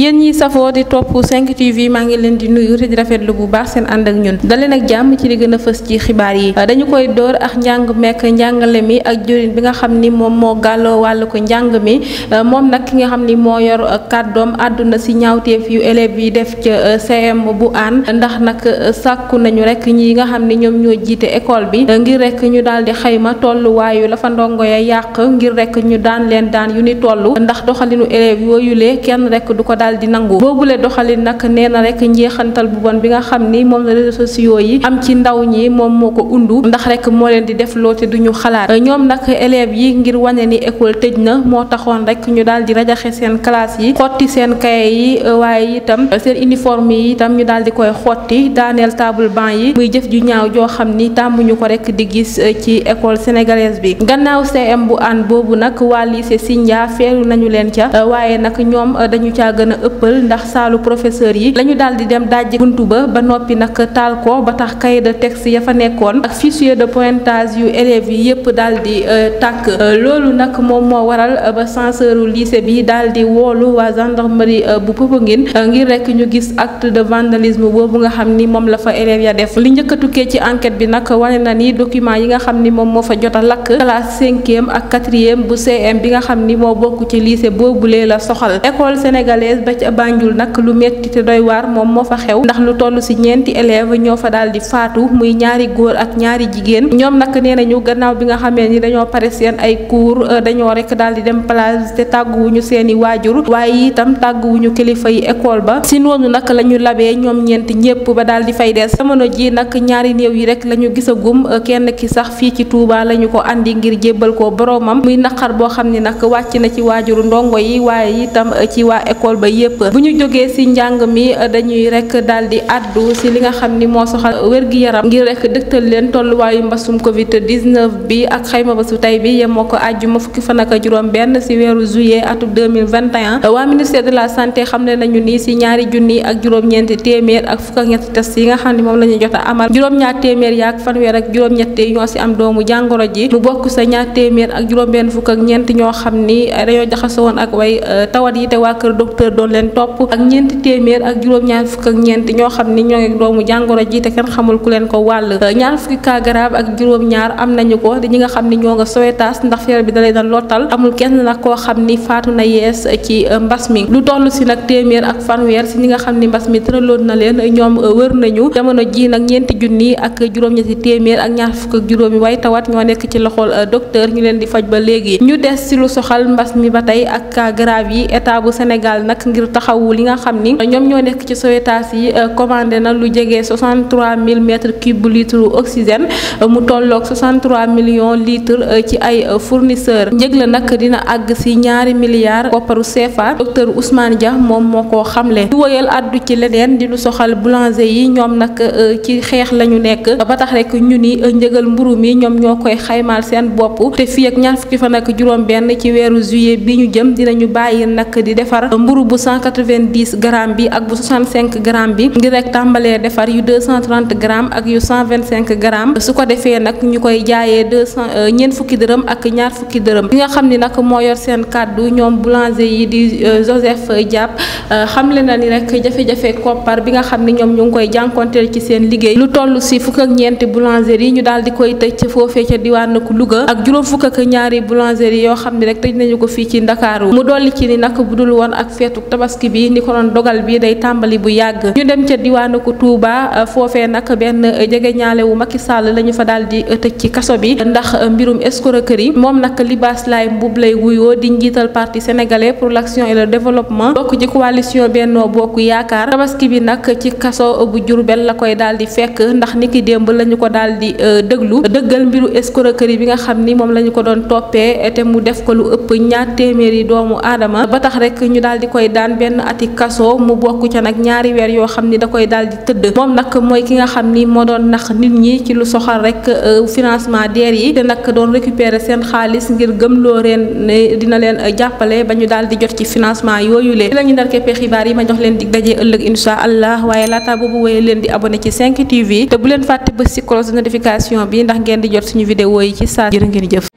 yéen ñi safoo di topp 5 TV maa ngi leen di nuyu te di rafetlu bu baax seen ànd ak ñun daleen ak jàmm ci li gën a fës ci xibaar yi dañu koy door ak njàng mekk njàngale mi ak jëriñ bi nga xam ni moom moo gàlloo wàllu ko njàng mi moom nag ki nga xam ni moo yor kàddoom àdduna si ñaawteef yu élèves def ca euh, CM bu aan ndax nag euh, sàkku nañu rek ñi nga xam ni ñoom ñoo jiite école bi euh, ngir rek ñu daal di xayma tolluwaayu la fa ndongo ya yàq ngir rek ñu daan leen daan yu ni toll ndax doxalinu élèves yooyulee kenn rek du ko daal daal di nangu boobule doxalin nag nee na rek njeexantal bu bon bi nga xam ni moom la sociaux yi am ci ndaw ñi moom moo ko undu ndax rek moo leen di def loote duñu xalaat ñoom nag élèves yi ngir wane ni école tëj na moo taxoon rek ñu daal di rajaxe seen classe yi xotti seen kaye yi waaye itam seen uniforme yi itam ñu daal di koy xotti daaneel table banc yi muy jëf ju ñaaw joo xam ni tàmmuñu ko rek di gis eh, ci école sénégalaise bi gannaaw CM bu an boobu nag waa lycée Sindia feeru nañu leen eh, eh, a ëppal ndax saalu professeur yi lañu daal di dem dajji buntu ba ba noppi nag taal ko ba tax cahier de texte ya fa nekkoon ak fichier de pointage yu élèves yi yépp daal di euh, tàkk euh, loolu nag moom moo waral euh, ba censeuru lycée bi daal di woolu waa gendarmerie bu Popenguine ngir rek ñu gis acte de vandalisme boobu nga xam ni moom la fa élèves ya def li njëkk a ci enquête bi nag wane na ni document yi nga xam ni moom moo fa jot a lakk classe cinquième ak quatrième bu CM bi nga xam ni moo bokk ci lycée boobulee la soxal école sénégalaise set ba ci banjul nak lu metti te doy war mom mo fa xew ndax lu tollu ci ñenti élève ño fa dal di faatu muy ñaari goor ak ñaari jigen ñom nak nenañu gannaaw bi nga xamé ni dañoo paré seen ay cours euh, dañoo rek dal di dem plage te wuñu seeni waajur waaye itam wuñu kilifa yi école ba ci nonu nak lañu labé ñom ñenti ñepp ba dal di fay ji nak ñaari neew yi rek lañu gisagum euh, kenn ki sax fi ci Touba lañu ko andi ngir jébal ko boromam muy nakar bo xamni nak wacc na ci wajuru ndongo yi waye itam euh, ci wa école ba yëpp bu ñu jógee si njàng mi dañuy rek daal di addu li nga xam ni moo soxal wér-gi-yaram ngir rek dëgtal leen tolluwaayu mbasum covid 19 bi ak xayma ba su tey bi yem ko àjjuma fukki fan ak juróom benn si weeru juillet atum 2021 waa ministère de la santé xam ne nañu ni si ñaari junni ak juróom-ñeenti téeméer ak fukk ak ñetti test yi nga xam ne moom la ñu jot a amal juróom-ñaar téeméer yaak fanweer ak juróom-ñetti ñoo si am doomu jàngoro ji mu bokk sa ñaar téeméer ak juróom-benn fukk ak ñeent ñoo xam ni dañoo jaxasoo woon ak way tawat doon leen topp ak ñeenti téeméer ak juróom-ñaar fukk ak ñeenti ñoo xam ni ñoo ngi doomu jàngoro ji te kenn xamul ku leen ko wàll ñaar fukki cas ak juróom-ñaar am nañu ko ñi nga xam ni ñoo nga ndax bi dalee na lottal amul kenn nag koo xam ni faatu na yees ci euh, mbas mi lu toll si nag téeméer ak fanweer si ñi nga xam ni mbas mi tëraloon na leen ñoom euh, wër nañu jamono ji nag ñeenti junni ak juróom téeméer ak ñaar fukk ak juróomi way tawat ñoo nekk ci loxol euh, docteur ñu leen di faj ba léegi ñu des si lu soxal mbas mi ba tey ak cas yi état bu senegal nag ngir taxawu li nga xam ni ñoom ñoo nekk ci Sowétas yi euh, commandé na lu jege 63000 mètres cube litre oxygène euh, mu tolloog 63 millions litres euh, ci ay fournisseurs njëg la nag dina àgg si ñaari milliards kopparu CFA docteur Ousmane ja moom moo ko xamle di woyal addu ci leneen di lu soxal boulanger yi ñoom nag ci xeex lañu nekk ba tax rek ñu ni njëgal mburu mi ñoom ñoo koy xaymaal seen bopp te fii ak ñaar fukki fa ak juróom benn ci weeru juillet bi ñu jëm dinañu bàyyi nag di defar 190 grammes bi ak bu 65 grammes bi ngir rek tàmbalee defar yu 230 grammes ak yu 125 grammes su ko defee nag ñu koy jaayee 200 euh, ñeent fukki dërëm ak ñaar fukki dërëm bi nga xam ni nag moo yor seen kàddu ñoom boulanger yi di euh, Joseph xam euh, xamle na ni rek jafe-jafe koppar bi nga xam ni ñoom ñu ngi koy jànkonteel ci seen liggéey lu toll si fukk ak ñeenti boulangerie yi ñu daal di koy tëj foofee ca diwaanu luga ak juróom fukk ak ñaari boulangerie yoo xam ni ci Ndakaaru tabaski bi ni ko doon dogal bi day tàmbali bu yàgg ñu dem ca diwaanu ko Touba euh, foofee nag benn jege ñaale wu Macky Sall la ñu fa daal di euh, tëj ci kaso bi ndax euh, mbirum escroquerie moom nag Libaas Laay Mbuub lay wuyoo di njiital parti sénégalais pour l'action et le développement bokk ci coalition Benno Bokk Yaakaar tabaski bi nag ci kaso bu Jurbel la koy daal di fekk ndax niki démb la ñu ko daal di dëglu dëggal mbiru escroquerie bi nga xam ni moom lañu ko doon toppee te mu def ko lu ëpp ñaar téeméeri doomu aadama ba tax rek ñu daal di koy daan benn ati kaso mu bokk ca nag ñaari weer yoo xam ni da koy daal di tëdd moom nag mooy ki nga xam ni moo doon nax nit ñi ci lu soxal rek euh, financement DER yi te nag doon récupérer seen xaalis ngir gëm loo reen ne dina leen euh, jàppale ba ñu daal di jot ci financement yooyu lee la ñu ndar keppee xibaar yi ma jox leen dig dajee ëllëg incha allah waaye laata boobu woye leen di abonné ci cinq TV te bu leen fàtte ba si cloche bi ndax ngeen di jot suñu vidéo yi ci saa jërë ngeen jëf